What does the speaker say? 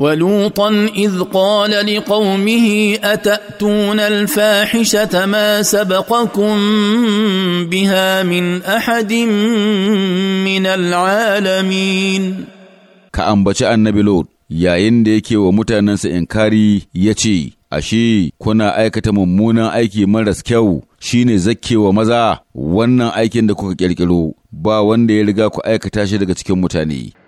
ولوطا اذ قال لقومه اتاتون الفاحشه ما سبقكم بها من احد من العالمين ka ambaci annabi lot yayin da yake wa mutanensa inkari ya ce ashe kuna aikata mummunan aiki maras kyau shine zakkewa maza wannan aikin da kuka ƙirƙiro ba wanda ya riga ku aikata shi daga cikin mutane